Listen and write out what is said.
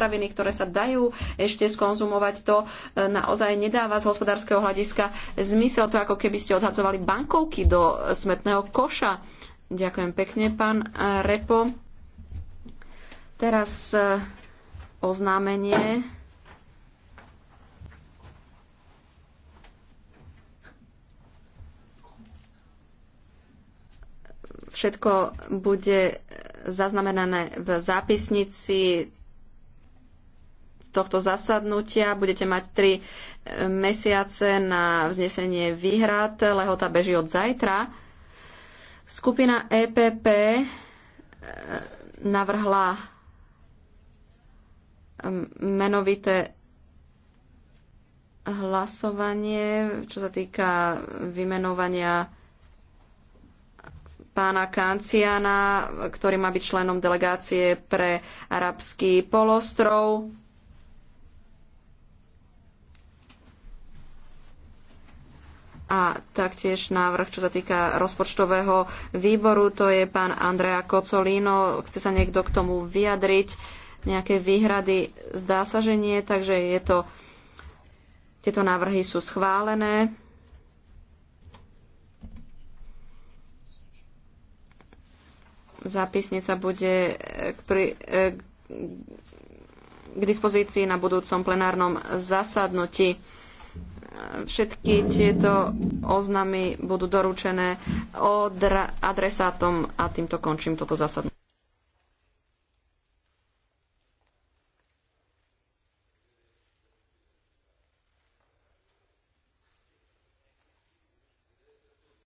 potraviny, ktoré sa dajú ešte skonzumovať, to e, naozaj nedáva z hospodárskeho hľadiska zmysel. To ako keby ste odhadzovali bankovky do e, smetného koša. Ďakujem pekne, pán e, Repo. Teraz oznámenie. všetko bude zaznamenané v zápisnici z tohto zasadnutia. Budete mať tri e, mesiace na vznesenie výhrad. Lehota beží od zajtra. Skupina EPP e, navrhla menovité hlasovanie, čo sa týka vymenovania pána Kanciana, ktorý má byť členom delegácie pre arabský polostrov. a taktiež návrh, čo sa týka rozpočtového výboru, to je pán Andrea Kocolino. Chce sa niekto k tomu vyjadriť? Nejaké výhrady? Zdá sa, že nie, takže je to, tieto návrhy sú schválené. Zápisnica bude eh, k, pri, eh, k dispozícii na budúcom plenárnom zasadnutí všetky tieto oznamy budú doručené od adresátom a týmto končím toto zasadnutie.